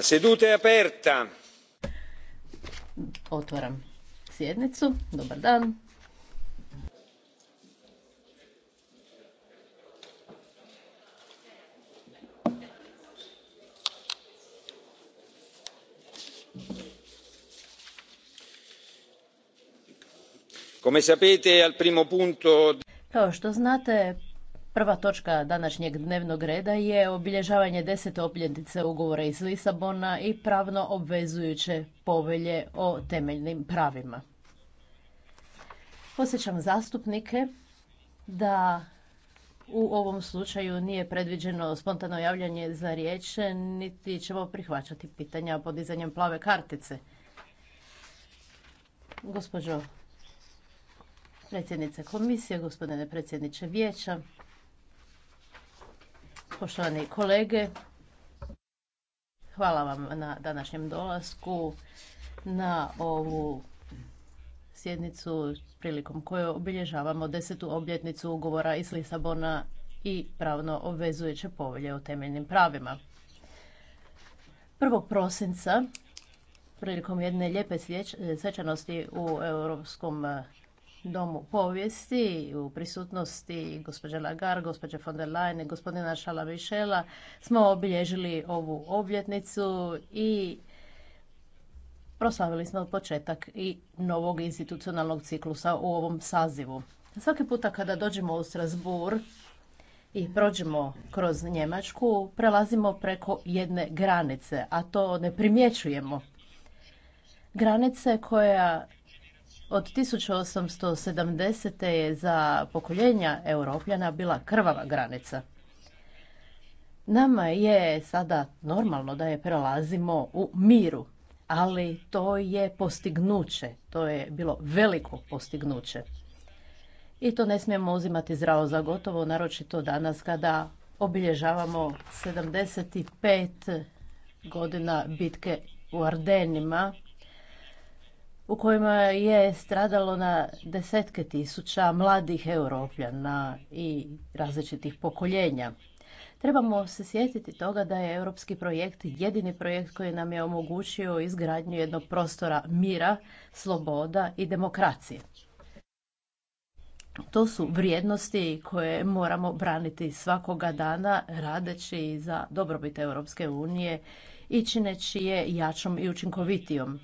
La seduta je aperta. Otvaram sjednicu. Dobar dan. Come sapete, al primo punto... Kao što znate, Prva točka današnjeg dnevnog reda je obilježavanje deset obljetnice ugovora iz Lisabona i pravno obvezujuće povelje o temeljnim pravima. Posjećam zastupnike da u ovom slučaju nije predviđeno spontano javljanje za riječ, niti ćemo prihvaćati pitanja podizanjem plave kartice. Gospođo predsjednice komisije, gospodine predsjedniče vijeća, poštovani kolege. Hvala vam na današnjem dolasku na ovu sjednicu prilikom koje obilježavamo desetu obljetnicu ugovora iz Lisabona i pravno obvezujuće povelje o temeljnim pravima. 1. prosinca prilikom jedne lijepe svečanosti u Europskom domu povijesti u prisutnosti gospođe Lagar, gospođe von der Leyen i gospodina Šala Mišela smo obilježili ovu obljetnicu i proslavili smo početak i novog institucionalnog ciklusa u ovom sazivu. Svaki puta kada dođemo u Strasbourg i prođemo kroz Njemačku, prelazimo preko jedne granice, a to ne primjećujemo. Granice koja od 1870. je za pokoljenja Europljana bila krvava granica. Nama je sada normalno da je prelazimo u miru, ali to je postignuće, to je bilo veliko postignuće. I to ne smijemo uzimati zdravo za gotovo, naročito danas kada obilježavamo 75 godina bitke u Ardenima u kojima je stradalo na desetke tisuća mladih europljana i različitih pokoljenja. Trebamo se sjetiti toga da je europski projekt jedini projekt koji nam je omogućio izgradnju jednog prostora mira, sloboda i demokracije. To su vrijednosti koje moramo braniti svakoga dana radeći za dobrobit Europske unije i čineći je jačom i učinkovitijom.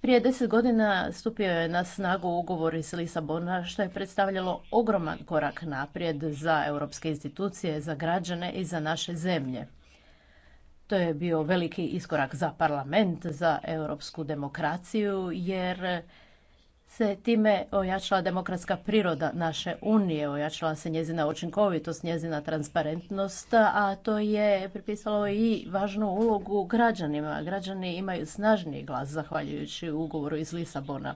Prije deset godina stupio je na snagu ugovor iz Lisabona što je predstavljalo ogroman korak naprijed za europske institucije, za građane i za naše zemlje. To je bio veliki iskorak za parlament, za europsku demokraciju jer se time ojačala demokratska priroda naše unije, ojačala se njezina učinkovitost, njezina transparentnost, a to je pripisalo i važnu ulogu građanima. Građani imaju snažniji glas zahvaljujući ugovoru iz Lisabona.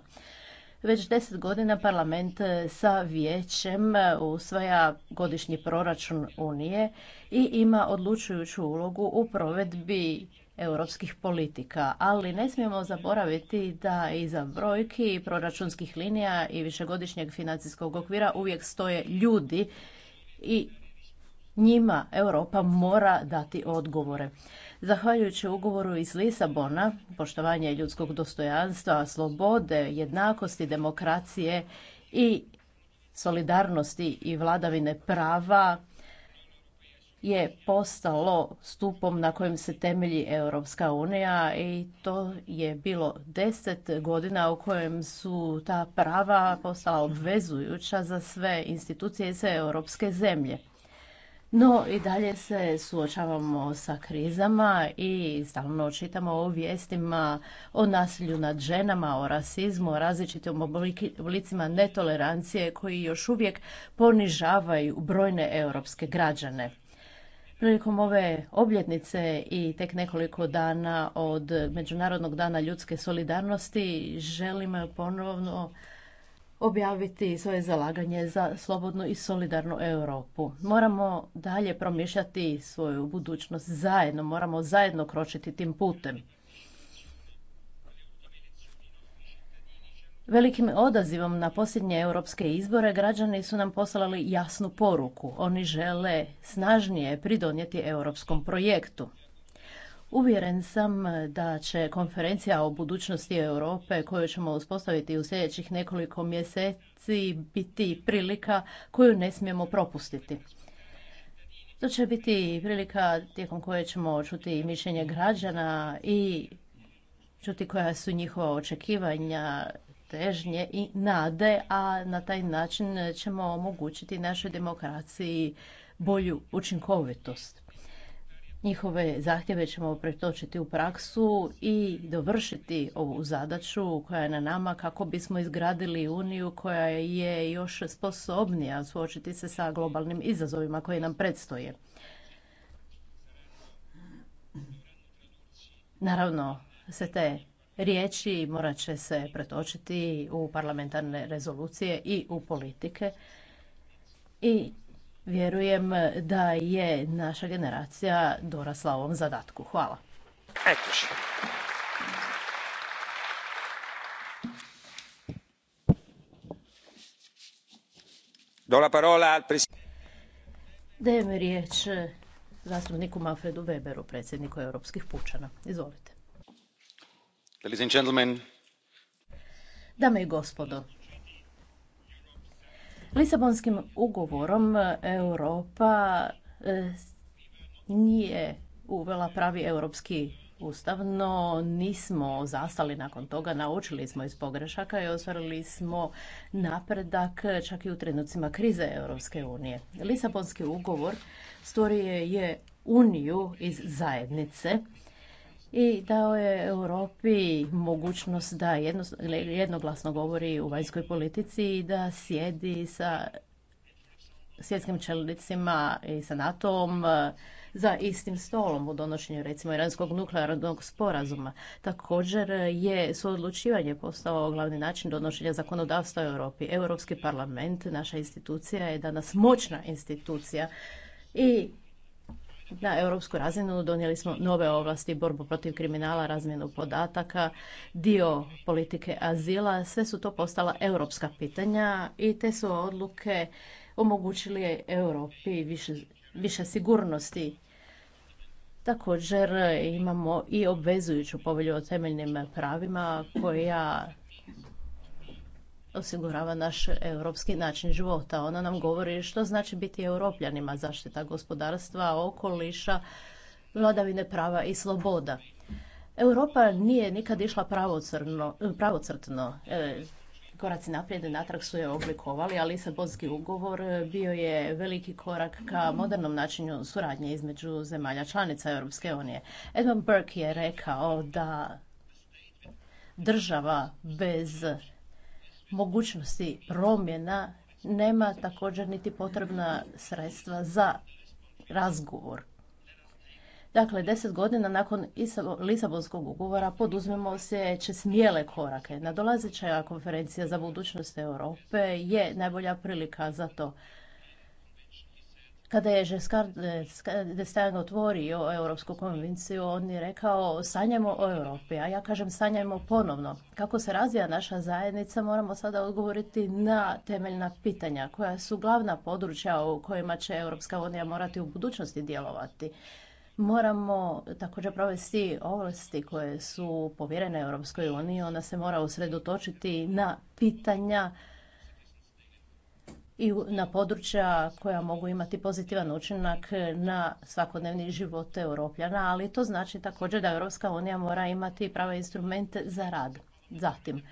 Već deset godina parlament sa vijećem usvaja godišnji proračun Unije i ima odlučujuću ulogu u provedbi europskih politika, ali ne smijemo zaboraviti da iza brojki proračunskih linija i višegodišnjeg financijskog okvira uvijek stoje ljudi i njima Europa mora dati odgovore. Zahvaljujući ugovoru iz Lisabona, poštovanje ljudskog dostojanstva, slobode, jednakosti, demokracije i solidarnosti i vladavine prava je postalo stupom na kojem se temelji Europska unija i to je bilo deset godina u kojem su ta prava postala obvezujuća za sve institucije i sve europske zemlje. No i dalje se suočavamo sa krizama i stalno čitamo o vijestima o nasilju nad ženama, o rasizmu, o različitim oblicima netolerancije koji još uvijek ponižavaju brojne europske građane. Prilikom ove obljetnice i tek nekoliko dana od Međunarodnog dana ljudske solidarnosti želim ponovno objaviti svoje zalaganje za slobodnu i solidarnu Europu. Moramo dalje promišljati svoju budućnost zajedno, moramo zajedno kročiti tim putem. Velikim odazivom na posljednje europske izbore građani su nam poslali jasnu poruku. Oni žele snažnije pridonijeti europskom projektu. Uvjeren sam da će konferencija o budućnosti Europe koju ćemo uspostaviti u sljedećih nekoliko mjeseci biti prilika koju ne smijemo propustiti. To će biti prilika tijekom koje ćemo čuti mišljenje građana i čuti koja su njihova očekivanja težnje i nade, a na taj način ćemo omogućiti našoj demokraciji bolju učinkovitost. Njihove zahtjeve ćemo pretočiti u praksu i dovršiti ovu zadaću koja je na nama kako bismo izgradili Uniju koja je još sposobnija suočiti se sa globalnim izazovima koji nam predstoje. Naravno, se te riječi morat će se pretočiti u parlamentarne rezolucije i u politike. I vjerujem da je naša generacija dorasla ovom zadatku. Hvala. Dajem riječ zastupniku Manfredu Weberu, predsjedniku Europskih pučana. Izvolite. Dame i gospodo, Lisabonskim ugovorom e, Europa e, nije uvela pravi europski ustav, no nismo zastali nakon toga, naučili smo iz pogrešaka i ostvarili smo napredak čak i u trenucima krize Europske unije. Lisabonski ugovor stvorio je uniju iz zajednice i dao je Europi mogućnost da jednoglasno govori u vanjskoj politici i da sjedi sa svjetskim čelnicima i sa NATO-om e, za istim stolom u donošenju recimo iranskog nuklearnog sporazuma. Također je suodlučivanje postao glavni način donošenja zakonodavstva u Europi. Europski parlament, naša institucija je danas moćna institucija i na europsku razinu donijeli smo nove ovlasti, borbu protiv kriminala, razmjenu podataka, dio politike azila, sve su to postala europska pitanja i te su odluke omogućili Europi više, više sigurnosti. Također imamo i obvezujuću povelju o temeljnim pravima koja osigurava naš europski način života. Ona nam govori što znači biti europljanima, zaštita gospodarstva, okoliša, vladavine prava i sloboda. Europa nije nikad išla pravocrtno. E, koraci naprijed i natrag su je oblikovali, ali Lisabonski ugovor bio je veliki korak ka modernom načinu suradnje između zemalja članica Europske unije. Edmund Burke je rekao da država bez mogućnosti promjena nema također niti potrebna sredstva za razgovor. Dakle, deset godina nakon Lisabonskog ugovora poduzmemo sljedeće smjele korake. Nadolazeća konferencija za budućnost Europe je najbolja prilika za to. Kada je Žeskard eh, otvorio Europsku konvenciju, on je rekao sanjamo o Europi, a ja kažem sanjamo ponovno. Kako se razvija naša zajednica, moramo sada odgovoriti na temeljna pitanja, koja su glavna područja u kojima će Europska unija morati u budućnosti djelovati. Moramo također provesti ovlasti koje su povjerene Europskoj uniji, ona se mora usredotočiti na pitanja i na područja koja mogu imati pozitivan učinak na svakodnevni život europljana, ali to znači također da Europska unija mora imati prave instrumente za rad. Zatim,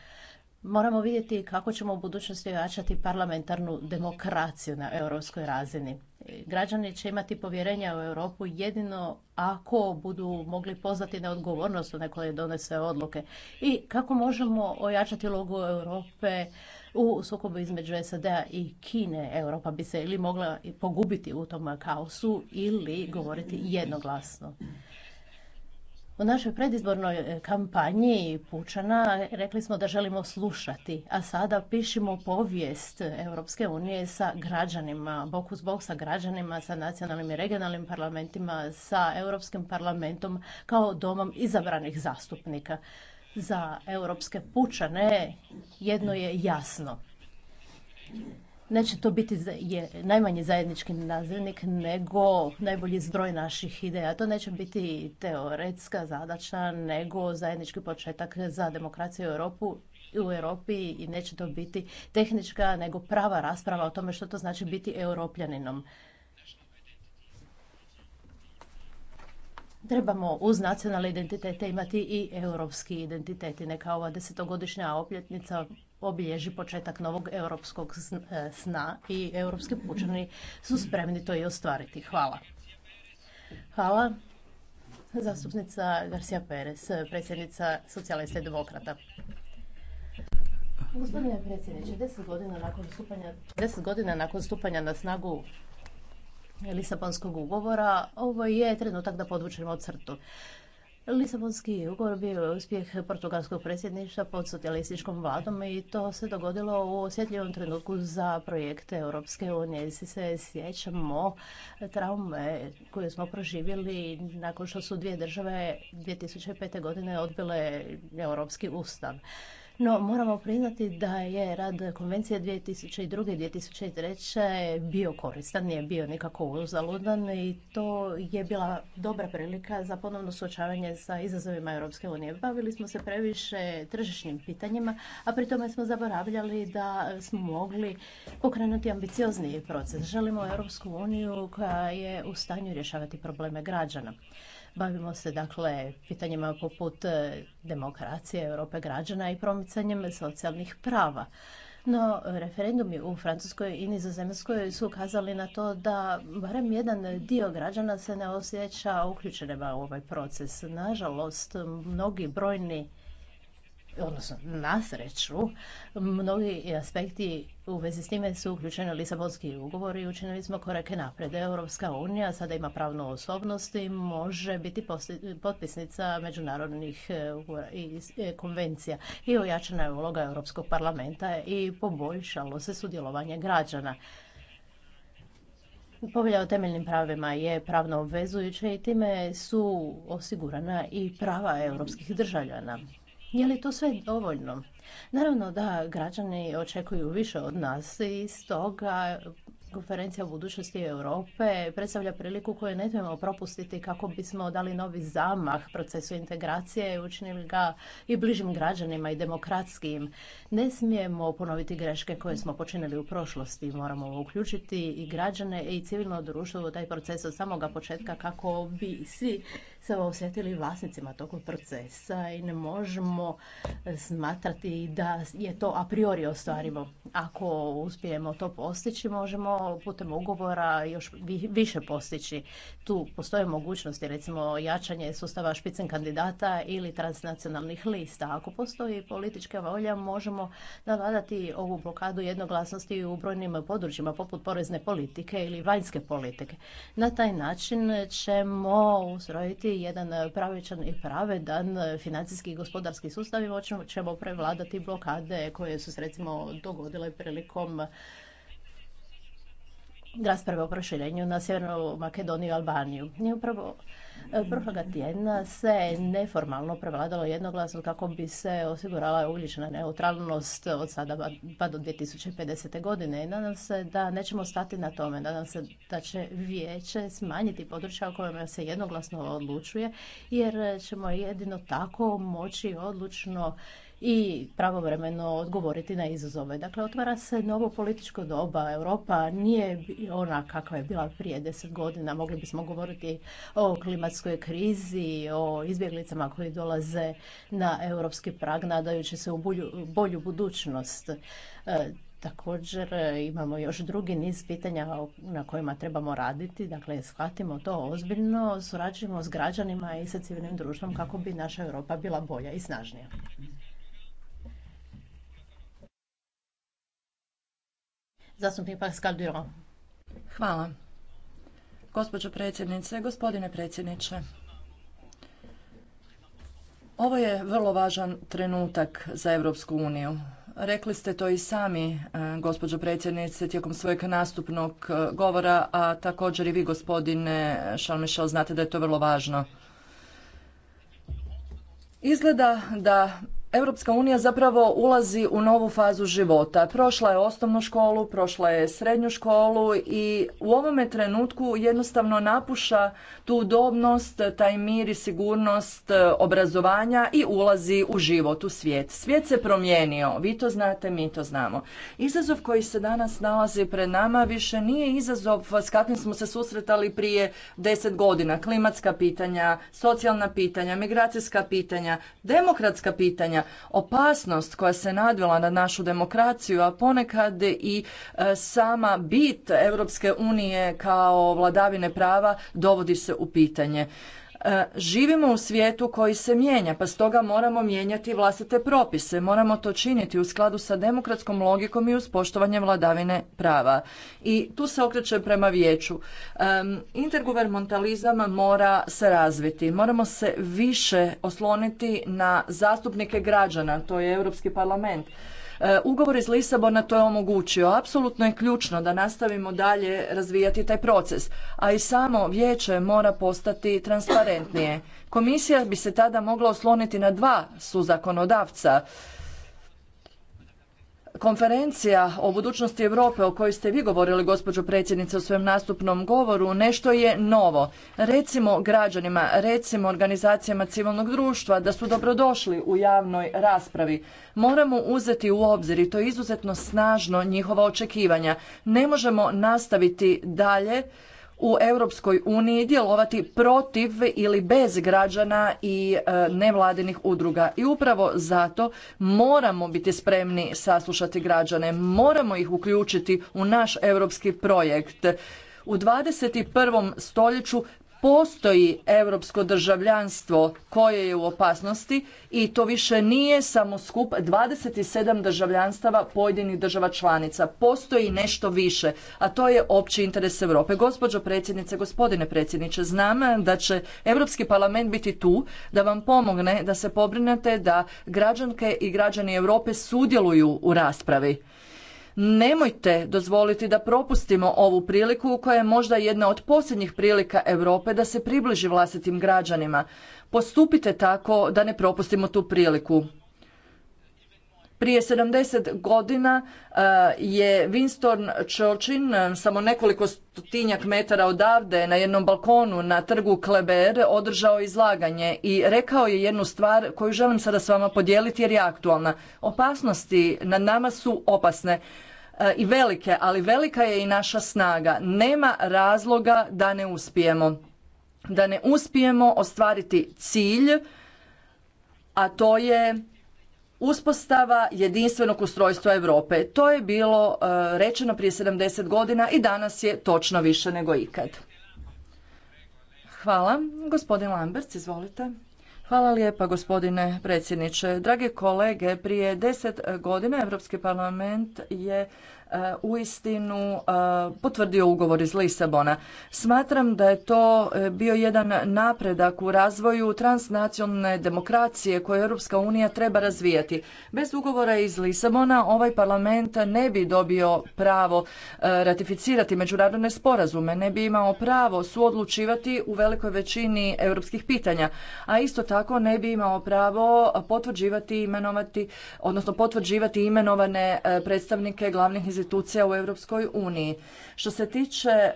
Moramo vidjeti kako ćemo u budućnosti ojačati parlamentarnu demokraciju na europskoj razini. Građani će imati povjerenja u Europu jedino ako budu mogli poznati na odgovornost one koje donese odluke. I kako možemo ojačati logu Europe u sukobu između SAD-a i Kine? Europa bi se ili mogla pogubiti u tom kaosu ili govoriti jednoglasno. U našoj predizbornoj e, kampanji Pučana rekli smo da želimo slušati, a sada pišimo povijest Europske unije sa građanima, bok uz bok sa građanima, sa nacionalnim i regionalnim parlamentima, sa Europskim parlamentom kao domom izabranih zastupnika. Za europske pučane jedno je jasno neće to biti je, najmanji zajednički nazivnik nego najbolji zbroj naših ideja. To neće biti teoretska zadaća nego zajednički početak za demokraciju u Europu u Europi i neće to biti tehnička nego prava rasprava o tome što to znači biti europljaninom. Trebamo uz nacionalne identitete imati i europski identiteti. Neka ova desetogodišnja opljetnica obilježi početak novog europskog e, sna i europski pučani su spremni to i ostvariti. Hvala. Hvala. Zastupnica Garcia Perez, predsjednica socijalista i demokrata. Gospodine predsjedniče, deset godina nakon stupanja, deset godina nakon stupanja na snagu Lisabonskog ugovora, ovo je trenutak da podvučemo crtu. Lisabonski ugovor bio je uspjeh portugalskog predsjedništva pod socijalističkom vladom i to se dogodilo u osjetljivom trenutku za projekte Europske unije. se sjećamo traume koje smo proživjeli nakon što su dvije države 2005. godine odbile Europski ustav. No, moramo priznati da je rad konvencije 2002. i 2003. bio koristan, nije bio nikako uzaludan i to je bila dobra prilika za ponovno suočavanje sa izazovima Europske unije. Bavili smo se previše tržišnim pitanjima, a pri tome smo zaboravljali da smo mogli pokrenuti ambiciozniji proces. Želimo Europsku uniju koja je u stanju rješavati probleme građana. Bavimo se dakle pitanjima poput e, demokracije, Europe građana i promicanjem socijalnih prava. No, referendumi u Francuskoj i Nizozemskoj su ukazali na to da barem jedan dio građana se ne osjeća uključenima u ovaj proces. Nažalost, mnogi brojni odnosno na sreću, mnogi aspekti u vezi s time su uključeni Lisabonski ugovor i učinili smo korake napred. Europska unija sada ima pravnu osobnost i može biti potpisnica međunarodnih e, e, konvencija i ojačana je uloga Europskog parlamenta i poboljšalo se sudjelovanje građana. Povelja o temeljnim pravima je pravno obvezujuća i time su osigurana i prava europskih državljana. Je li to sve dovoljno? Naravno da građani očekuju više od nas i stoga konferencija o budućnosti Europe predstavlja priliku koju ne smijemo propustiti kako bismo dali novi zamah procesu integracije i učinili ga i bližim građanima i demokratskim. Ne smijemo ponoviti greške koje smo počinili u prošlosti. Moramo uključiti i građane i civilno društvo u taj proces od samoga početka kako bi svi se osjetili vlasnicima tog procesa i ne možemo smatrati da je to a priori ostvarimo. Ako uspijemo to postići, možemo putem ugovora još više postići. Tu postoje mogućnosti, recimo jačanje sustava špicen kandidata ili transnacionalnih lista. Ako postoji politička volja, možemo navadati ovu blokadu jednoglasnosti u brojnim područjima, poput porezne politike ili vanjske politike. Na taj način ćemo ustrojiti jedan e, pravičan i pravedan e, financijski i gospodarski sustav i moćemo ćemo prevladati blokade koje su se recimo dogodile prilikom rasprave o proširenju na Sjevernu Makedoniju i Albaniju. Nije upravo e, prošloga tjedna se neformalno prevladalo jednoglasno kako bi se osigurala ugljična neutralnost od sada pa, pa do 2050. godine. I nadam se da nećemo stati na tome. Nadam se da će vijeće smanjiti područja o kojima se jednoglasno odlučuje jer ćemo jedino tako moći odlučno i pravovremeno odgovoriti na izazove. Dakle, otvara se novo političko doba. Europa nije ona kakva je bila prije deset godina. Mogli bismo govoriti o klimatskoj krizi, o izbjeglicama koji dolaze na europski prag nadajući se u bolju, budućnost. E, također e, imamo još drugi niz pitanja na kojima trebamo raditi. Dakle, shvatimo to ozbiljno, surađujemo s građanima i sa civilnim društvom kako bi naša Europa bila bolja i snažnija. Zastupnik Pascal Durand. Hvala. Gospođo predsjednice, gospodine predsjedniče, ovo je vrlo važan trenutak za Europsku uniju. Rekli ste to i sami, e, gospođo predsjednice, tijekom svojeg nastupnog e, govora, a također i vi, gospodine Šalmišel, znate da je to vrlo važno. Izgleda da Europska unija zapravo ulazi u novu fazu života. Prošla je osnovnu školu, prošla je srednju školu i u ovome trenutku jednostavno napuša tu udobnost, taj mir i sigurnost e, obrazovanja i ulazi u život, u svijet. Svijet se promijenio, vi to znate, mi to znamo. Izazov koji se danas nalazi pred nama više nije izazov s kakvim smo se susretali prije deset godina. Klimatska pitanja, socijalna pitanja, migracijska pitanja, demokratska pitanja, pitanja, opasnost koja se nadvila na našu demokraciju, a ponekad i e, sama bit Europske unije kao vladavine prava dovodi se u pitanje. E, živimo u svijetu koji se mijenja, pa stoga moramo mijenjati vlastite propise. Moramo to činiti u skladu sa demokratskom logikom i uz poštovanje vladavine prava. I tu se okreće prema vijeću. E, intergovernmentalizam mora se razviti. Moramo se više osloniti na zastupnike građana, to je Europski parlament E, ugovor iz Lisabona to je omogućio. Apsolutno je ključno da nastavimo dalje razvijati taj proces, a i samo vijeće mora postati transparentnije. Komisija bi se tada mogla osloniti na dva suzakonodavca. zakonodavca Konferencija o budućnosti Europe o kojoj ste vi govorili gospođo predsjednice u svojem nastupnom govoru nešto je novo. Recimo građanima, recimo organizacijama civilnog društva da su dobrodošli u javnoj raspravi. Moramo uzeti u obzir i to je izuzetno snažno njihova očekivanja. Ne možemo nastaviti dalje u Europskoj uniji djelovati protiv ili bez građana i e, nevladinih udruga. I upravo zato moramo biti spremni saslušati građane, moramo ih uključiti u naš europski projekt. U 21. stoljeću postoji europsko državljanstvo koje je u opasnosti i to više nije samo skup 27 državljanstava pojedinih država članica. Postoji nešto više, a to je opći interes Europe. Gospođo predsjednice, gospodine predsjedniče, znam da će Europski parlament biti tu da vam pomogne da se pobrinete da građanke i građani Europe sudjeluju u raspravi Nemojte dozvoliti da propustimo ovu priliku koja je možda jedna od posljednjih prilika Europe da se približi vlastitim građanima. Postupite tako da ne propustimo tu priliku. Prije 70 godina e, je Winston Churchill e, samo nekoliko stotinjak metara odavde na jednom balkonu na trgu Kleber održao izlaganje i rekao je jednu stvar koju želim sada s vama podijeliti jer je aktualna. Opasnosti nad nama su opasne. E, i velike, ali velika je i naša snaga. Nema razloga da ne uspijemo. Da ne uspijemo ostvariti cilj, a to je uspostava jedinstvenog ustrojstva Europe. To je bilo e, rečeno prije 70 godina i danas je točno više nego ikad. Hvala. Gospodin Lamberts, izvolite. Hvala lijepa gospodine predsjedniče. Drage kolege, prije deset godina Europski parlament je E, u istinu e, potvrdio ugovor iz Lisabona. Smatram da je to e, bio jedan napredak u razvoju transnacionalne demokracije koje Europska unija treba razvijati. Bez ugovora iz Lisabona ovaj parlament ne bi dobio pravo ratificirati međunarodne sporazume, ne bi imao pravo suodlučivati u velikoj većini europskih pitanja, a isto tako ne bi imao pravo potvrđivati imenovati, odnosno potvrđivati imenovane predstavnike glavnih institucija u Europskoj uniji. Što se tiče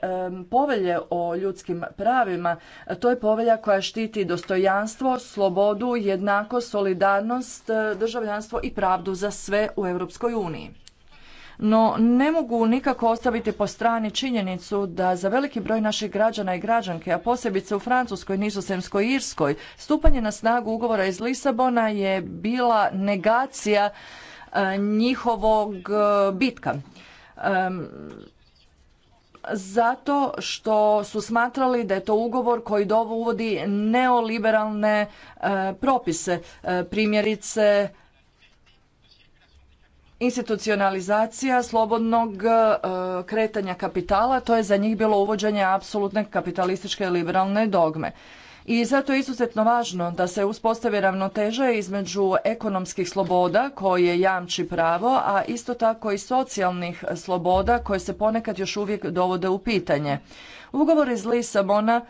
povelje o ljudskim pravima, to je povelja koja štiti dostojanstvo, slobodu, jednakost, solidarnost, e, državljanstvo i pravdu za sve u Europskoj uniji. No, ne mogu nikako ostaviti po strani činjenicu da za veliki broj naših građana i građanke, a posebice u Francuskoj, Nizozemskoj i Irskoj, stupanje na snagu ugovora iz Lisabona je bila negacija e, njihovog e, bitka zato što su smatrali da je to ugovor koji dovo uvodi neoliberalne e, propise. E, primjerice, institucionalizacija slobodnog e, kretanja kapitala, to je za njih bilo uvođenje apsolutne kapitalističke liberalne dogme. I zato je izuzetno važno da se uspostavi ravnoteža između ekonomskih sloboda koje jamči pravo, a isto tako i socijalnih sloboda koje se ponekad još uvijek dovode u pitanje. Ugovor iz Lisabona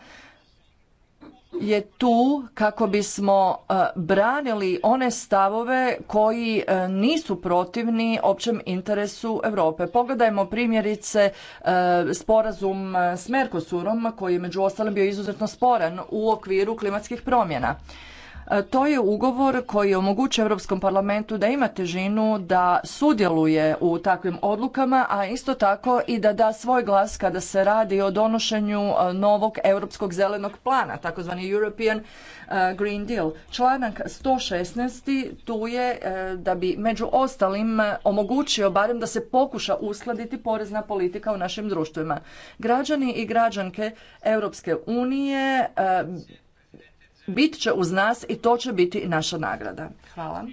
je tu kako bismo e, branili one stavove koji e, nisu protivni općem interesu Europe. Pogledajmo primjerice e, sporazum s Mercosurom koji je među ostalim bio izuzetno sporan u okviru klimatskih promjena. E, to je ugovor koji omogućuje Europskom parlamentu da ima težinu da sudjeluje u takvim odlukama, a isto tako i da da svoj glas kada se radi o donošenju e, novog europskog zelenog plana, takozvani European e, Green Deal. Članak 116. tu je da bi među ostalim omogućio barem da se pokuša uskladiti porezna politika u našim društvima. Građani i građanke Europske unije bit će uz nas i to će biti naša nagrada. Hvala.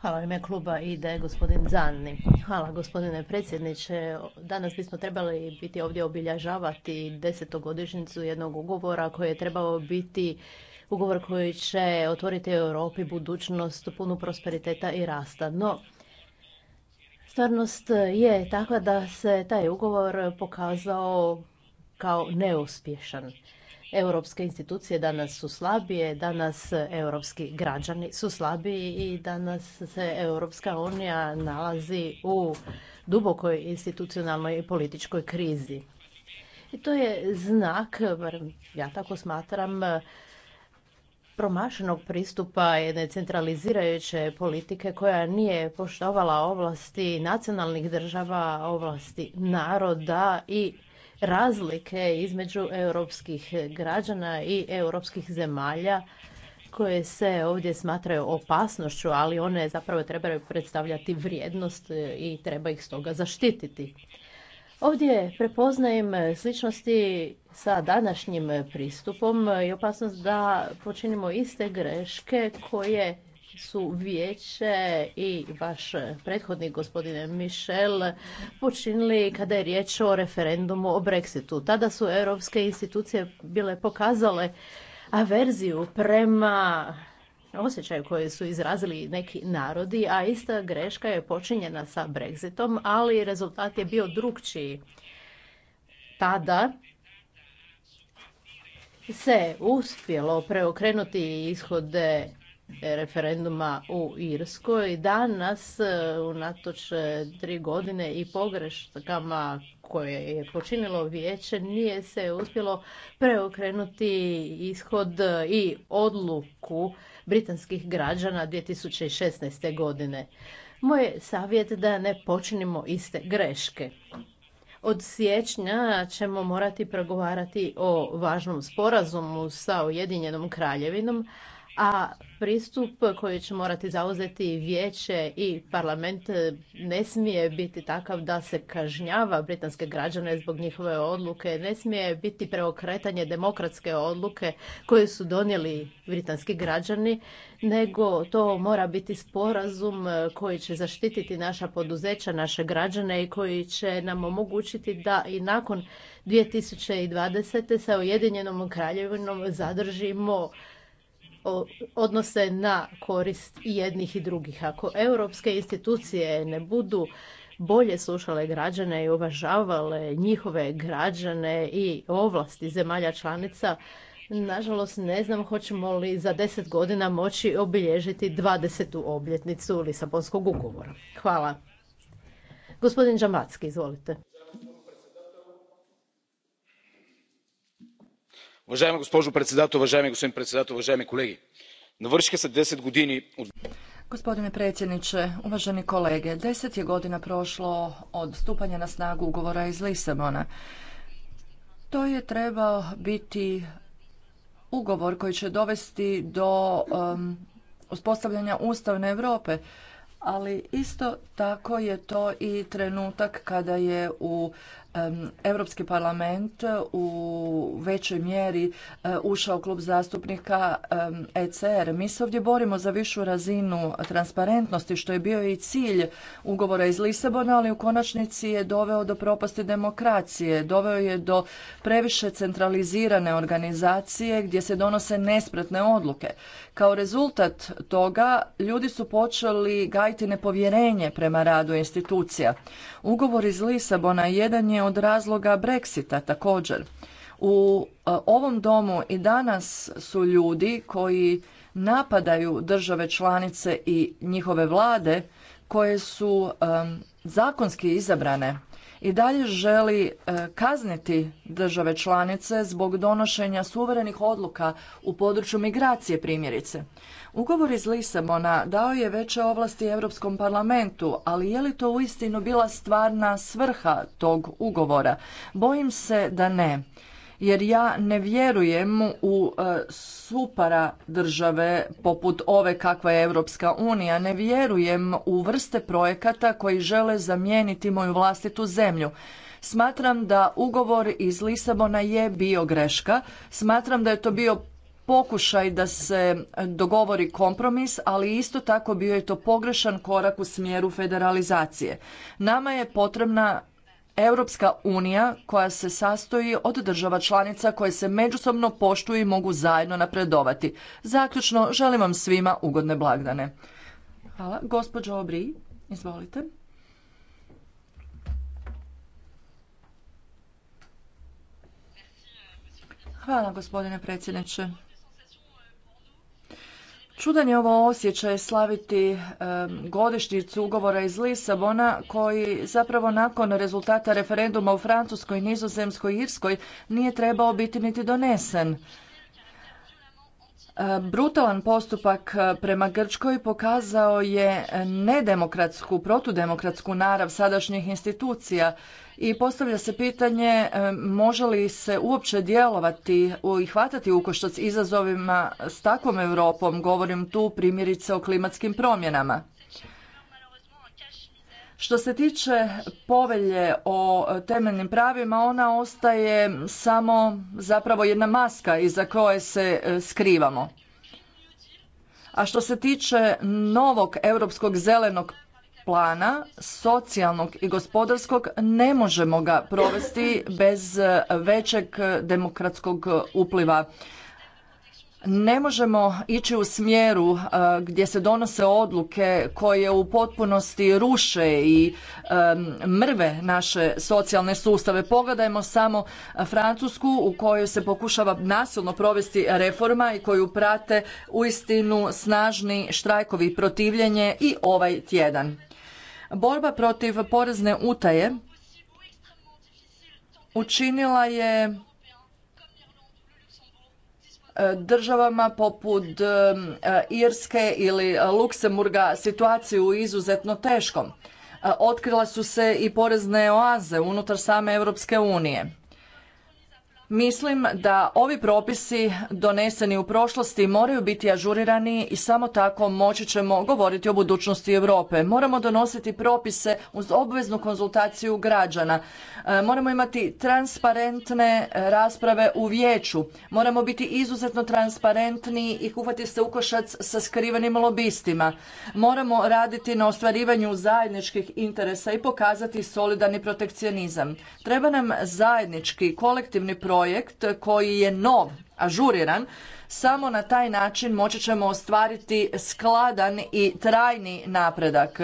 Hvala ime kluba ide gospodin Zanni. Hvala gospodine predsjedniče. Danas bismo trebali biti ovdje obilježavati desetogodišnjicu jednog ugovora koji je trebao biti ugovor koji će otvoriti Europi budućnost punu prosperiteta i rasta. No, stvarnost je takva da se taj ugovor pokazao kao neuspješan europske institucije danas su slabije, danas europski građani su slabiji i danas se Europska unija nalazi u dubokoj institucionalnoj i političkoj krizi. I to je znak, ja tako smatram, promašenog pristupa jedne centralizirajuće politike koja nije poštovala ovlasti nacionalnih država, ovlasti naroda i razlike između europskih građana i europskih zemalja koje se ovdje smatraju opasnošću, ali one zapravo trebaju predstavljati vrijednost e, i treba ih stoga zaštititi. Ovdje prepoznajem sličnosti sa današnjim pristupom i opasnost da počinimo iste greške koje su vijeće i vaš prethodnik gospodine Michel počinili kada je riječ o referendumu o Brexitu. Tada su europske institucije bile pokazale averziju prema osjećaju koje su izrazili neki narodi, a ista greška je počinjena sa Brexitom, ali rezultat je bio drukčiji. Tada se uspjelo preokrenuti ishode E, referenduma u Irskoj. Danas, e, unatoč e, tri godine i pogreškama koje je počinilo vijeće, nije se uspjelo preokrenuti ishod i odluku britanskih građana 2016. godine. Moj je savjet da ne počinimo iste greške. Od siječnja ćemo morati pregovarati o važnom sporazumu sa Ujedinjenom kraljevinom, a pristup koji će morati zauzeti vijeće i parlament ne smije biti takav da se kažnjava britanske građane zbog njihove odluke, ne smije biti preokretanje demokratske odluke koje su donijeli britanski građani, nego to mora biti sporazum koji će zaštititi naša poduzeća, naše građane i koji će nam omogućiti da i nakon 2020. sa Ujedinjenom kraljevinom zadržimo odnose na korist i jednih i drugih. Ako europske institucije ne budu bolje slušale građane i uvažavale njihove građane i ovlasti zemalja članica, nažalost ne znam hoćemo li za deset godina moći obilježiti 20. obljetnicu Lisabonskog ugovora. Hvala. Gospodin Đambacki, izvolite. уважаема госпожо председател уважаеми господин председател уважаеми колеги навършиха се deset години Gospodine predsjedniče, uvaženi kolege, deset je godina prošlo od stupanja na snagu ugovora iz Lisabona. To je trebao biti ugovor koji će dovesti do uspostavljanja ustavne Europe, ali isto tako je to i trenutak kada je u Europski parlament u većoj mjeri e, ušao klub zastupnika ECR. E Mi se ovdje borimo za višu razinu transparentnosti, što je bio i cilj ugovora iz Lisabona, ali u konačnici je doveo do propasti demokracije, doveo je do previše centralizirane organizacije gdje se donose nespretne odluke. Kao rezultat toga ljudi su počeli gajiti nepovjerenje prema radu institucija. Ugovor iz Lisabona jedan je od razloga Brexita također. U e, ovom domu i danas su ljudi koji napadaju države članice i njihove vlade koje su zakonski izabrane i dalje želi e, kazniti države članice zbog donošenja suverenih odluka u području migracije primjerice. Ugovor iz Lisabona dao je veće ovlasti Europskom parlamentu, ali je li to uistinu bila stvarna svrha tog ugovora? Bojim se da ne jer ja ne vjerujem u e, supara države poput ove kakva je Europska unija, ne vjerujem u vrste projekata koji žele zamijeniti moju vlastitu zemlju. Smatram da ugovor iz Lisabona je bio greška, smatram da je to bio pokušaj da se dogovori kompromis, ali isto tako bio je to pogrešan korak u smjeru federalizacije. Nama je potrebna Europska unija koja se sastoji od država članica koje se međusobno poštuju i mogu zajedno napredovati. Zaključno, želim vam svima ugodne blagdane. Hvala. Gospođo Obri, izvolite. Hvala gospodine predsjedniče. Čudan je ovo osjećaj slaviti godišnjicu ugovora iz Lisabona koji zapravo nakon rezultata referenduma u Francuskoj, Nizozemskoj i Irskoj nije trebao biti niti donesen. E, brutalan postupak e, prema Grčkoj pokazao je nedemokratsku, protudemokratsku narav sadašnjih institucija i postavlja se pitanje e, može li se uopće djelovati i hvatati ukoštac izazovima s takvom Europom, govorim tu primjerice o klimatskim promjenama. Što se tiče povelje o temeljnim pravima, ona ostaje samo zapravo jedna maska iza koje se e, skrivamo. A što se tiče novog europskog zelenog plana, socijalnog i gospodarskog, ne možemo ga provesti bez većeg demokratskog upliva ne možemo ići u smjeru e, gdje se donose odluke koje u potpunosti ruše i e, mrve naše socijalne sustave. Pogledajmo samo Francusku u kojoj se pokušava nasilno provesti reforma i koju prate uistinu snažni štrajkovi protivljenje i ovaj tjedan. Borba protiv porezne utaje učinila je državama poput e, Irske ili Luksemburga situaciju izuzetno teškom. E, Otkrila su se i porezne oaze unutar same Europske unije. Mislim da ovi propisi doneseni u prošlosti moraju biti ažurirani i samo tako moći ćemo govoriti o budućnosti Europe. Moramo donositi propise uz obveznu konzultaciju građana. E, moramo imati transparentne rasprave u vijeću. Moramo biti izuzetno transparentni i kuhati se ukošac sa skrivenim lobistima. Moramo raditi na ostvarivanju zajedničkih interesa i pokazati solidarni protekcionizam. Treba nam zajednički kolektivni projekt projekt koji je nov, ažuriran, samo na taj način moći ćemo ostvariti skladan i trajni napredak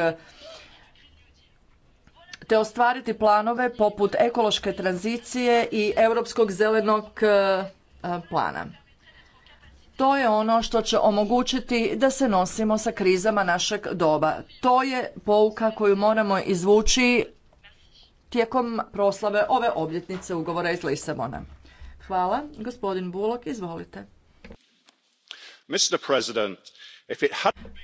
te ostvariti planove poput ekološke tranzicije i europskog zelenog e, plana. To je ono što će omogućiti da se nosimo sa krizama našeg doba. To je pouka koju moramo izvući tijekom proslave ove obljetnice ugovora iz Lisabona. Hvala. Gospodin Bulok, izvolite.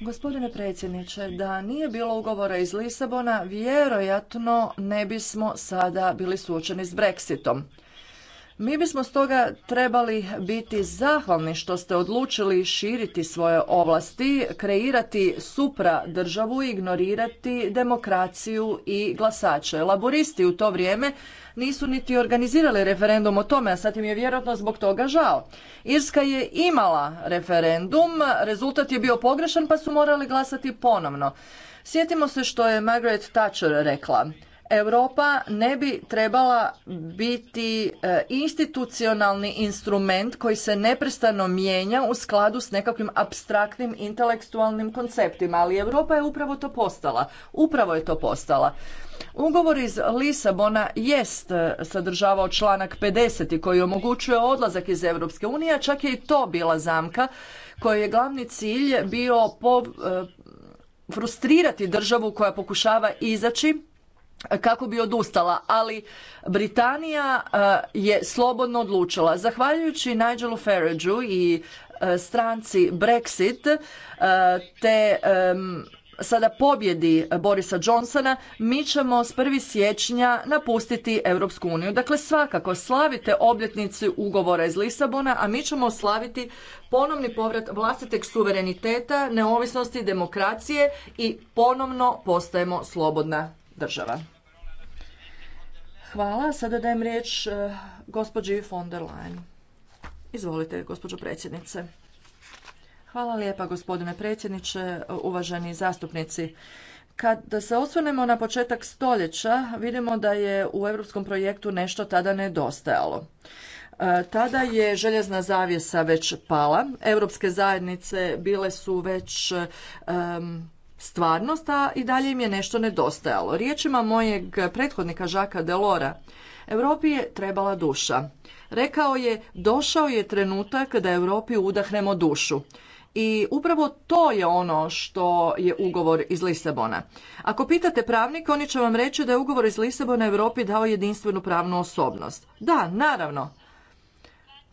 Gospodine predsjedniče, da nije bilo ugovora iz Lisabona, vjerojatno ne bismo sada bili suočeni s Brexitom. Mi bismo stoga trebali biti zahvalni što ste odlučili širiti svoje ovlasti, kreirati supra državu, ignorirati demokraciju i glasače. Laboristi u to vrijeme nisu niti organizirali referendum o tome, a sad im je vjerojatno zbog toga žao. Irska je imala referendum, rezultat je bio pogrešan pa su morali glasati ponovno. Sjetimo se što je Margaret Thatcher rekla. Europa ne bi trebala biti e, institucionalni instrument koji se neprestano mijenja u skladu s nekakvim abstraktnim intelektualnim konceptima, ali Europa je upravo to postala. Upravo je to postala. Ugovor iz Lisabona jest e, sadržavao članak 50. koji omogućuje odlazak iz Europske unije, a čak je i to bila zamka kojoj je glavni cilj bio e, frustrirati državu koja pokušava izaći kako bi odustala, ali Britanija e, je slobodno odlučila. Zahvaljujući Nigelu Farageu i e, stranci Brexit e, te sada pobjedi Borisa Johnsona, mi ćemo s 1. siječnja napustiti Europsku uniju. Dakle, svakako slavite obljetnici ugovora iz Lisabona, a mi ćemo slaviti ponovni povrat vlastiteg suvereniteta, neovisnosti, demokracije i ponovno postajemo slobodna država. Hvala. Sada dajem riječ eh, gospođi von der Leyen. Izvolite, gospođo predsjednice. Hvala lijepa, gospodine predsjedniče, uvaženi zastupnici. Kad se osvrnemo na početak stoljeća, vidimo da je u europskom projektu nešto tada nedostajalo. Eh, tada je željezna zavjesa već pala, europske zajednice bile su već stvarnost, a i dalje im je nešto nedostajalo. Riječima mojeg prethodnika Žaka Delora, Europi je trebala duša. Rekao je, došao je trenutak da Europi udahnemo dušu. I upravo to je ono što je ugovor iz Lisabona. Ako pitate pravnika, oni će vam reći da je ugovor iz Lisabona Europi dao jedinstvenu pravnu osobnost. Da, naravno.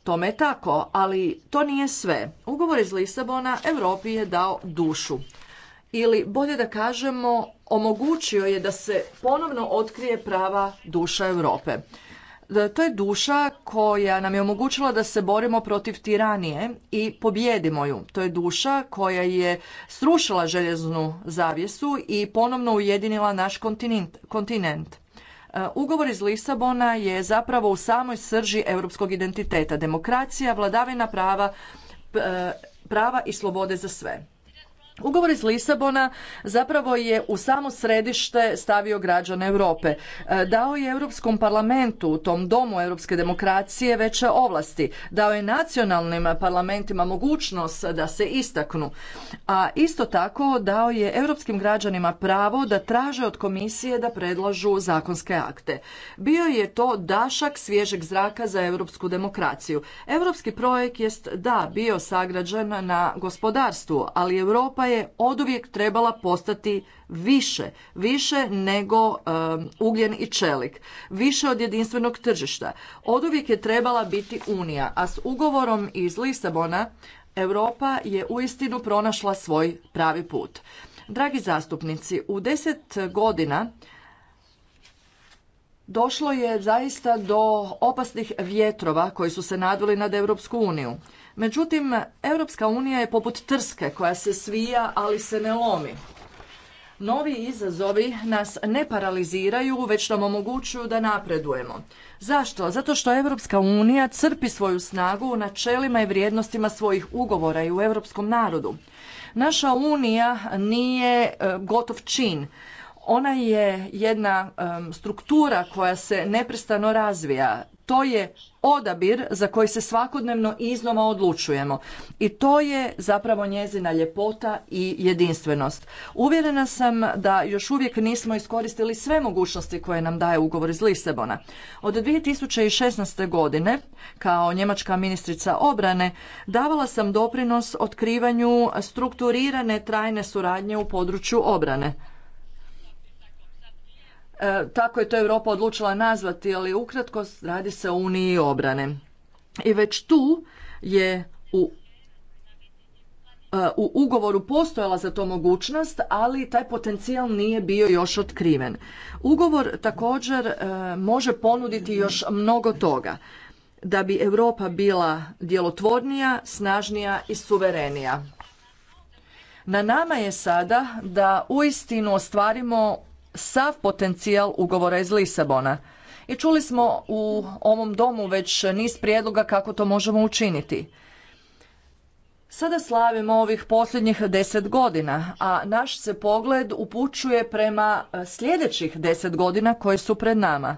Tome je tako, ali to nije sve. Ugovor iz Lisabona Europi je dao dušu ili bolje da kažemo omogućio je da se ponovno otkrije prava duša Europe. To je duša koja nam je omogućila da se borimo protiv tiranije i pobjedimo ju. To je duša koja je srušila željeznu zavjesu i ponovno ujedinila naš kontinent. E, ugovor iz Lisabona je zapravo u samoj srži europskog identiteta. Demokracija, vladavina prava, e, prava i slobode za sve. Ugovor iz Lisabona zapravo je u samo središte stavio građane Europe. E, dao je Europskom parlamentu, tom domu europske demokracije, veće ovlasti. Dao je nacionalnim parlamentima mogućnost da se istaknu. A isto tako dao je europskim građanima pravo da traže od komisije da predlažu zakonske akte. Bio je to dašak svježeg zraka za europsku demokraciju. Europski projekt jest da bio sagrađen na gospodarstvu, ali Europa je je oduvijek trebala postati više, više nego ugljen i čelik, više od jedinstvenog tržišta. Oduvijek je trebala biti unija, a s ugovorom iz Lisabona Europa je uistinu pronašla svoj pravi put. Dragi zastupnici, u deset godina došlo je zaista do opasnih vjetrova koji su se nadvili nad Europsku uniju. Međutim, Europska unija je poput trske koja se svija, ali se ne lomi. Novi izazovi nas ne paraliziraju, već nam omogućuju da napredujemo. Zašto? Zato što Europska unija crpi svoju snagu u načelima i vrijednostima svojih ugovora i u europskom narodu. Naša unija nije e, gotov čin. Ona je jedna struktura koja se neprestano razvija to je odabir za koji se svakodnevno iznova odlučujemo i to je zapravo njezina ljepota i jedinstvenost. Uvjerena sam da još uvijek nismo iskoristili sve mogućnosti koje nam daje ugovor iz Lisebona. Od 2016. godine kao njemačka ministrica obrane davala sam doprinos otkrivanju strukturirane trajne suradnje u području obrane. E, tako je to Europa odlučila nazvati, ali ukratko radi se o Uniji obrane. I već tu je u e, u ugovoru postojala za to mogućnost, ali taj potencijal nije bio još otkriven. Ugovor također e, može ponuditi još mnogo toga da bi Europa bila djelotvornija, snažnija i suverenija. Na nama je sada da uistinu ostvarimo sav potencijal ugovora iz Lisabona. I čuli smo u ovom domu već niz prijedloga kako to možemo učiniti. Sada slavimo ovih posljednjih deset godina, a naš se pogled upućuje prema e, sljedećih deset godina koje su pred nama. E,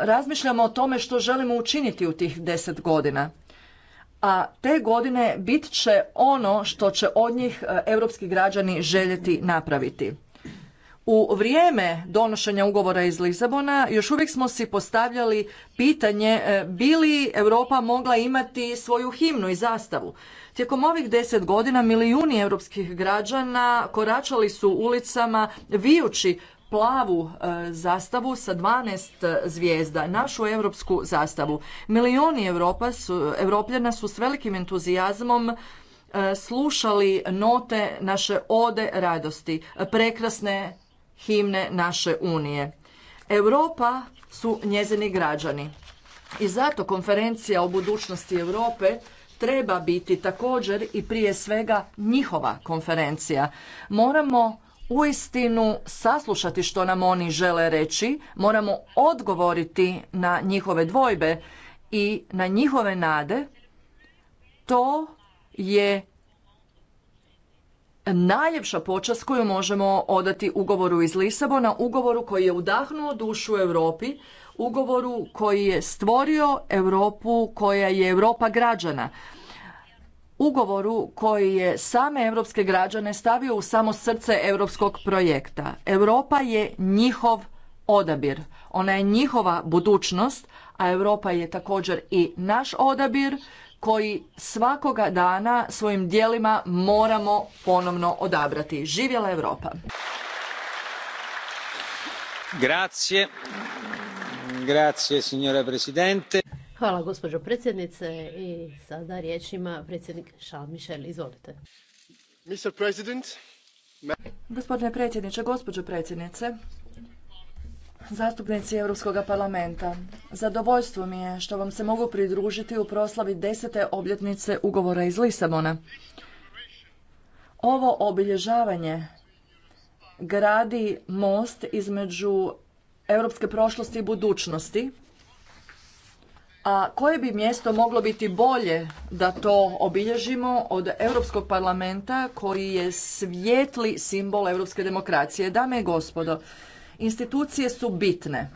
razmišljamo o tome što želimo učiniti u tih deset godina. A te godine bit će ono što će od njih e, europski građani željeti napraviti. U vrijeme donošenja ugovora iz Lizabona još uvijek smo si postavljali pitanje e, bi li Europa mogla imati svoju himnu i zastavu. Tijekom ovih deset godina milijuni europskih građana koračali su ulicama vijući plavu e, zastavu sa 12 zvijezda, našu europsku zastavu. Milijuni Europa su, su s velikim entuzijazmom e, slušali note naše ode radosti, prekrasne himne naše Unije. Europa su njezini građani. I zato konferencija o budućnosti Europe treba biti također i prije svega njihova konferencija. Moramo uistinu saslušati što nam oni žele reći, moramo odgovoriti na njihove dvojbe i na njihove nade. To je najljepša počast koju možemo odati ugovoru iz Lisabona, ugovoru koji je udahnuo dušu Europi, ugovoru koji je stvorio Europu koja je Europa građana, ugovoru koji je same europske građane stavio u samo srce europskog projekta. Europa je njihov odabir, ona je njihova budućnost, a Europa je također i naš odabir koji svakoga dana svojim dijelima moramo ponovno odabrati. Živjela Europa! Grazie. Grazie, presidente. Hvala, gospođo predsjednice. I sada riječ ima predsjednik Charles Michel. Izvolite. Mr. President. Gospodine predsjedniče, gospođo predsjednice, zastupnici Europskog parlamenta. Zadovoljstvo mi je što vam se mogu pridružiti u proslavi desete obljetnice ugovora iz Lisabona. Ovo obilježavanje gradi most između europske prošlosti i budućnosti, a koje bi mjesto moglo biti bolje da to obilježimo od Europskog parlamenta koji je svijetli simbol europske demokracije. Dame i gospodo, Institucije su bitne.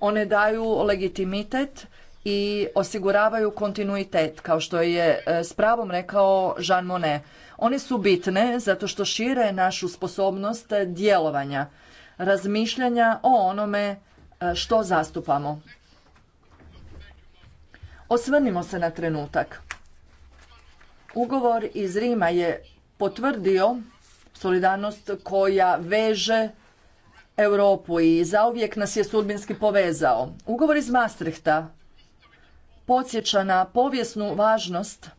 One daju legitimitet i osiguravaju kontinuitet, kao što je e, s pravom rekao Jean Monnet. One su bitne zato što šire našu sposobnost djelovanja, razmišljanja o onome e, što zastupamo. Osvrnimo se na trenutak. Ugovor iz Rima je potvrdio solidarnost koja veže Europu i zauvijek nas je sudbinski povezao. Ugovor iz Maastrichta podsjeća na povijesnu važnost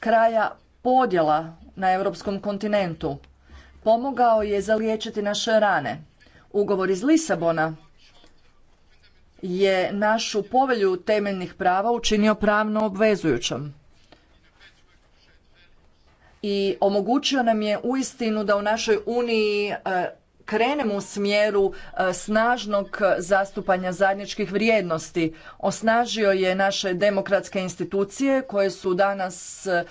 kraja podjela na europskom kontinentu. Pomogao je zaliječiti naše rane. Ugovor iz Lisabona je našu povelju temeljnih prava učinio pravno obvezujućom i omogućio nam je uistinu da u našoj uniji e, krenemo u smjeru e, snažnog zastupanja zajedničkih vrijednosti. Osnažio je naše demokratske institucije koje su danas e,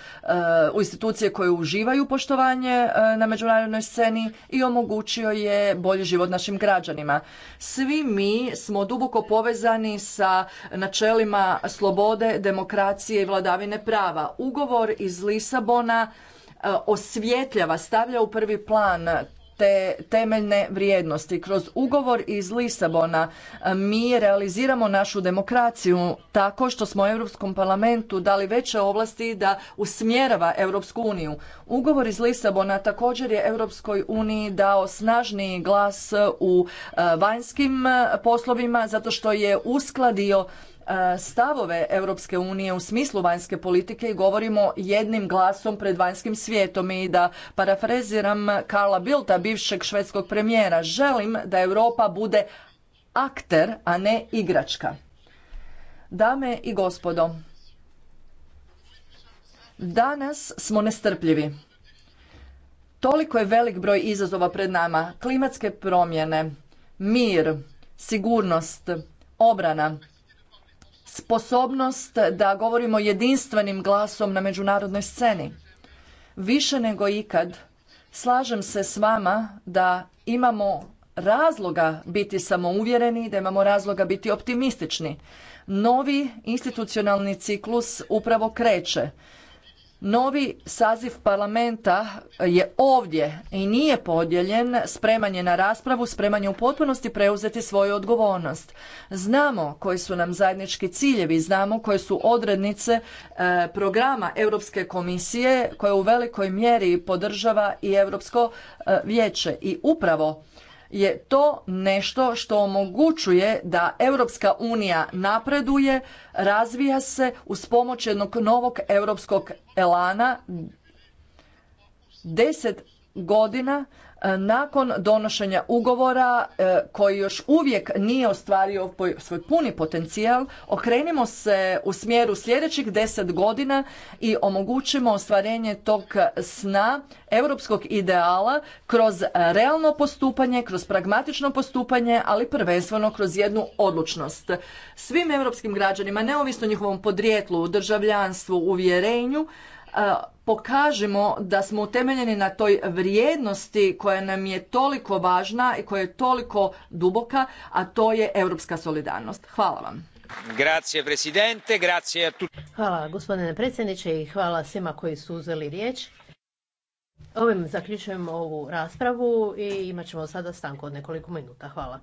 u institucije koje uživaju poštovanje e, na međunarodnoj sceni i omogućio je bolji život našim građanima. Svi mi smo duboko povezani sa načelima slobode, demokracije i vladavine prava. Ugovor iz Lisabona osvjetljava, stavlja u prvi plan te temeljne vrijednosti. Kroz ugovor iz Lisabona e, mi realiziramo našu demokraciju tako što smo Europskom parlamentu dali veće ovlasti da usmjerava Europsku uniju. Ugovor iz Lisabona također je Europskoj uniji dao snažniji glas u e, vanjskim e, poslovima zato što je uskladio E, stavove Europske unije u smislu vanjske politike i govorimo jednim glasom pred vanjskim svijetom i da parafraziram Karla Bilta, bivšeg švedskog premijera, želim da Europa bude akter, a ne igračka. Dame i gospodo, danas smo nestrpljivi. Toliko je velik broj izazova pred nama. Klimatske promjene, mir, sigurnost, obrana, sposobnost da govorimo jedinstvenim glasom na međunarodnoj sceni. Više nego ikad slažem se s vama da imamo razloga biti samouvjereni, da imamo razloga biti optimistični. Novi institucionalni ciklus upravo kreće. Novi saziv parlamenta je ovdje i nije podijeljen, spreman je na raspravu, spreman je u potpunosti preuzeti svoju odgovornost. Znamo koji su nam zajednički ciljevi, znamo koje su odrednice e, programa Europske komisije koje u velikoj mjeri podržava i Europsko e, vijeće i upravo je to nešto što omogućuje da Europska unija napreduje, razvija se uz pomoć jednog novog europskog elana. Deset godina nakon donošenja ugovora e, koji još uvijek nije ostvario svoj puni potencijal, okrenimo se u smjeru sljedećih deset godina i omogućimo ostvarenje tog sna europskog ideala kroz realno postupanje, kroz pragmatično postupanje, ali prvenstveno kroz jednu odlučnost. Svim europskim građanima, neovisno njihovom podrijetlu, državljanstvu, uvjerenju, E, pokažemo da smo utemeljeni na toj vrijednosti koja nam je toliko važna i koja je toliko duboka, a to je europska solidarnost. Hvala vam. Grazie, presidente, grazie a Hvala gospodine predsjedniče i hvala svima koji su uzeli riječ. Ovim zaključujemo ovu raspravu i imat ćemo sada stanku od nekoliko minuta. Hvala.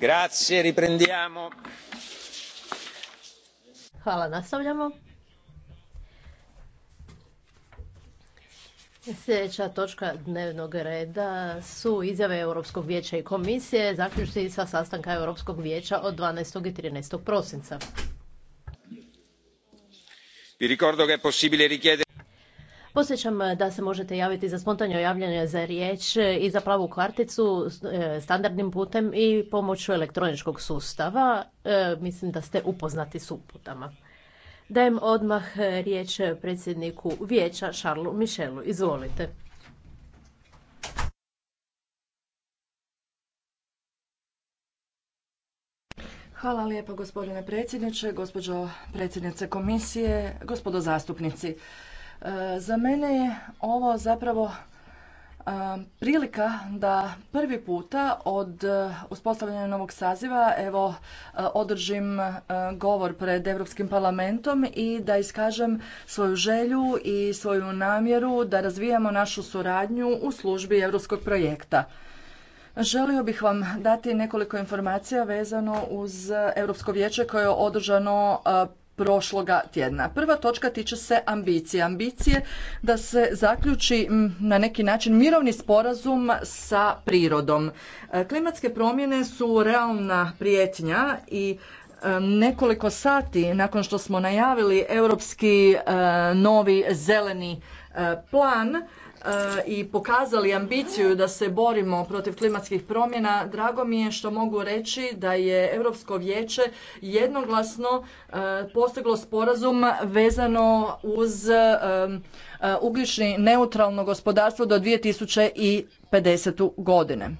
Grazie, riprendiamo. Hvala, nastavljamo. Sljedeća točka dnevnog reda su izjave Europskog vijeća i komisije, zaključci sa sastanka Europskog vijeća od 12. i 13. prosinca. Vi ricordo che possibile richiedere Posjećam e, da se možete javiti za spontano javljanje za riječ e, i za plavu karticu e, standardnim putem i pomoću elektroničkog sustava. Mislim da ste upoznati s uputama. Dajem odmah riječ predsjedniku vijeća Šarlu Mišelu. Izvolite. Hvala lijepo, gospodine predsjedniče, gospođo predsjednice komisije, gospodo zastupnici. E, za mene je ovo zapravo e, prilika da prvi puta od e, uspostavljanja novog saziva evo održim govor pred Europskim parlamentom i da iskažem svoju želju i svoju namjeru da razvijamo našu suradnju u službi europskog projekta. Želio bih vam dati nekoliko informacija vezano uz Europsko vijeće koje je održano prošloga tjedna. Prva točka tiče se ambicije. Ambicije da se zaključi na neki način mirovni sporazum sa prirodom. E, klimatske promjene su realna prijetnja i e, nekoliko sati nakon što smo najavili europski e, novi zeleni plan i pokazali ambiciju da se borimo protiv klimatskih promjena, drago mi je što mogu reći da je Europsko vijeće jednoglasno e, postiglo sporazum vezano uz e, e, ugljični neutralno gospodarstvo do 2050. godine.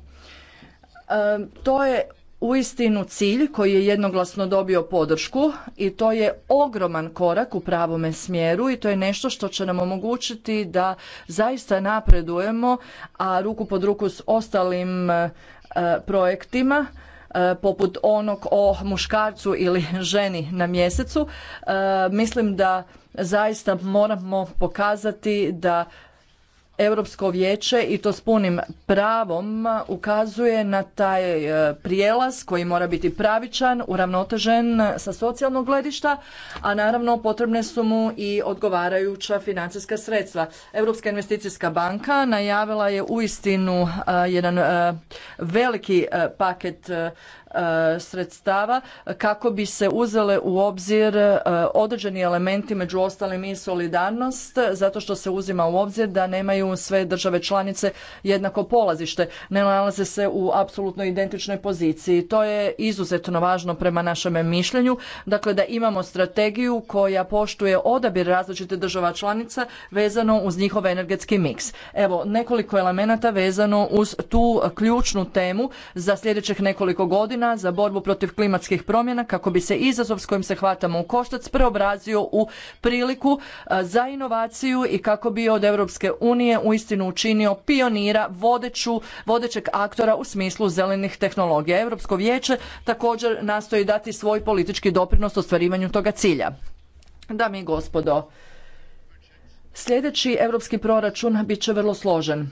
To je uistinu cilj koji je jednoglasno dobio podršku i to je ogroman korak u pravome smjeru i to je nešto što će nam omogućiti da zaista napredujemo, a ruku pod ruku s ostalim e, projektima e, poput onog o muškarcu ili ženi na mjesecu. E, mislim da zaista moramo pokazati da Europsko vijeće i to s punim pravom ukazuje na taj e, prijelaz koji mora biti pravičan, uravnotežen sa socijalnog gledišta, a naravno potrebne su mu i odgovarajuća financijska sredstva. Europska investicijska banka najavila je uistinu e, jedan e, veliki paket E, sredstava kako bi se uzele u obzir e, određeni elementi među ostalim i solidarnost zato što se uzima u obzir da nemaju sve države članice jednako polazište, ne nalaze se u apsolutno identičnoj poziciji. To je izuzetno važno prema našem mišljenju, dakle da imamo strategiju koja poštuje odabir različite država članica vezano uz njihov energetski miks. Evo nekoliko elemenata vezano uz tu ključnu temu za sljedećih nekoliko godina godina za borbu protiv klimatskih promjena kako bi se izazov s kojim se hvatamo u koštac preobrazio u priliku e, za inovaciju i kako bi od Europske unije uistinu učinio pionira vodeću, vodećeg aktora u smislu zelenih tehnologija. Europsko vijeće također nastoji dati svoj politički doprinos ostvarivanju toga cilja. Dame i gospodo, sljedeći europski proračun bit će vrlo složen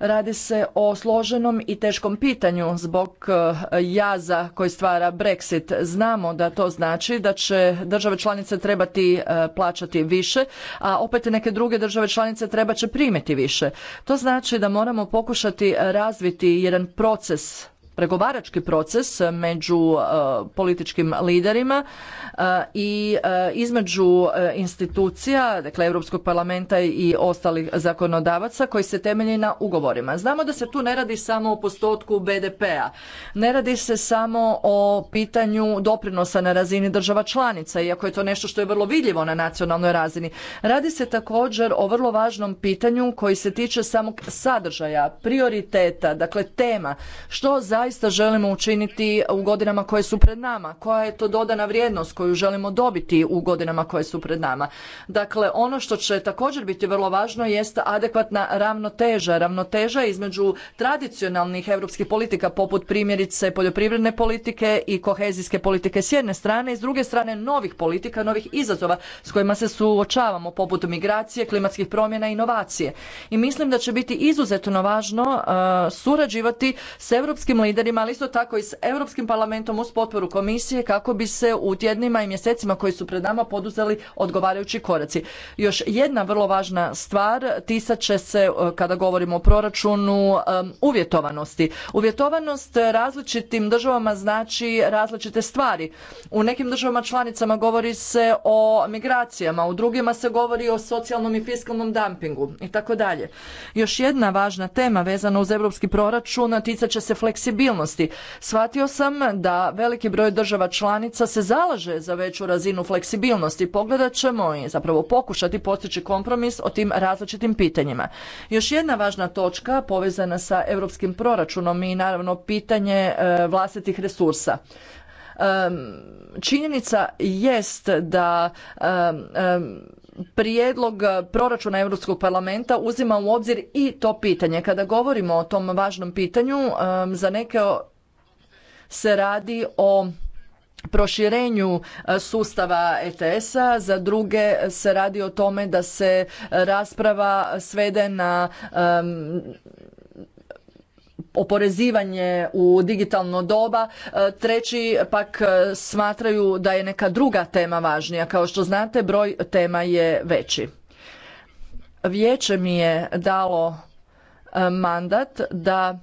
Radi se o složenom i teškom pitanju zbog e, jaza koji stvara Brexit. Znamo da to znači da će države članice trebati e, plaćati više, a opet neke druge države članice treba će primiti više. To znači da moramo pokušati razviti jedan proces pregovarački proces među e, političkim liderima e, i e, između institucija, dakle Europskog parlamenta i ostalih zakonodavaca koji se temelji na ugovorima. Znamo da se tu ne radi samo o postotku BDP-a, ne radi se samo o pitanju doprinosa na razini država članica, iako je to nešto što je vrlo vidljivo na nacionalnoj razini. Radi se također o vrlo važnom pitanju koji se tiče samog sadržaja, prioriteta, dakle tema, što za zaista želimo učiniti u godinama koje su pred nama, koja je to dodana vrijednost koju želimo dobiti u godinama koje su pred nama. Dakle, ono što će također biti vrlo važno jest adekvatna ravnoteža, ravnoteža između tradicionalnih europskih politika poput primjerice poljoprivredne politike i kohezijske politike s jedne strane i s druge strane novih politika, novih izazova s kojima se suočavamo poput migracije, klimatskih promjena i inovacije. I mislim da će biti izuzetno važno uh, surađivati s europskim liderima liderima, ali isto tako i s Europskim parlamentom uz potporu komisije kako bi se u tjednima i mjesecima koji su pred nama poduzeli odgovarajući koraci. Još jedna vrlo važna stvar tisaće se e, kada govorimo o proračunu uvjetovanosti. Uvjetovanost različitim državama znači različite stvari. U nekim državama članicama govori se o migracijama, u drugima se govori o socijalnom i fiskalnom dumpingu i tako dalje. Još jedna važna tema vezana uz europski proračun ticat će se fleksibilnosti fleksibilnosti. Shvatio sam da veliki broj država članica se zalaže za veću razinu fleksibilnosti. Pogledat ćemo i zapravo pokušati postići kompromis o tim različitim pitanjima. Još jedna važna točka povezana sa europskim proračunom i naravno pitanje e, vlastitih resursa. Činjenica jest da prijedlog eh, proračuna Europskog parlamenta uzima u obzir i to pitanje. Kada govorimo o tom važnom pitanju, za neke se radi o proširenju eh, sustava ETS-a, za druge se radi o tome da se eh, rasprava svede na oporezivanje u digitalno doba, e, treći pak e, smatraju da je neka druga tema važnija. Kao što znate, broj tema je veći. Vijeće mi je dalo e, mandat da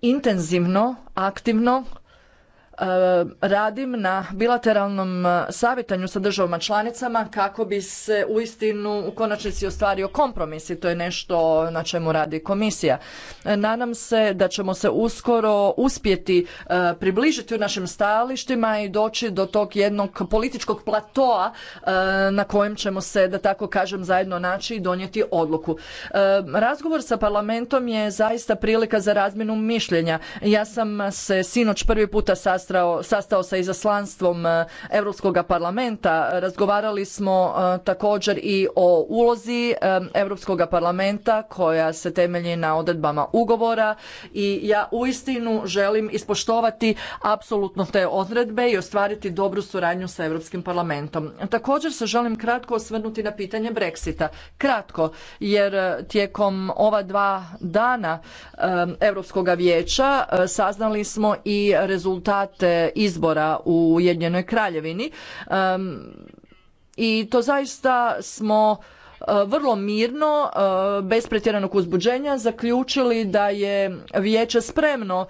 intenzivno, aktivno E, radim na bilateralnom e, savjetanju sa državama članicama kako bi se uistinu u konačnici ostvario kompromis i to je nešto na čemu radi komisija. E, nadam se da ćemo se uskoro uspjeti približiti u našim stajalištima i doći do tog jednog političkog platoa na kojem ćemo se, da tako kažem, zajedno naći i donijeti odluku. Razgovor sa parlamentom je zaista prilika za razmjenu mišljenja. Ja sam se sinoć prvi puta sastavila sastao sa izaslanstvom e, Europskog parlamenta. Razgovarali smo e, također i o ulozi e, Europskog parlamenta koja se temelji na odredbama ugovora i ja uistinu želim ispoštovati apsolutno te odredbe i ostvariti dobru suradnju sa Europskim parlamentom. Također se želim kratko osvrnuti na pitanje Brexita. Kratko, jer tijekom ova dva dana Europskog vijeća saznali smo i rezultat izbora u Ujedinjenoj Kraljevini i to zaista smo e, vrlo mirno, e, bez pretjeranog uzbuđenja zaključili da je vijeće spremno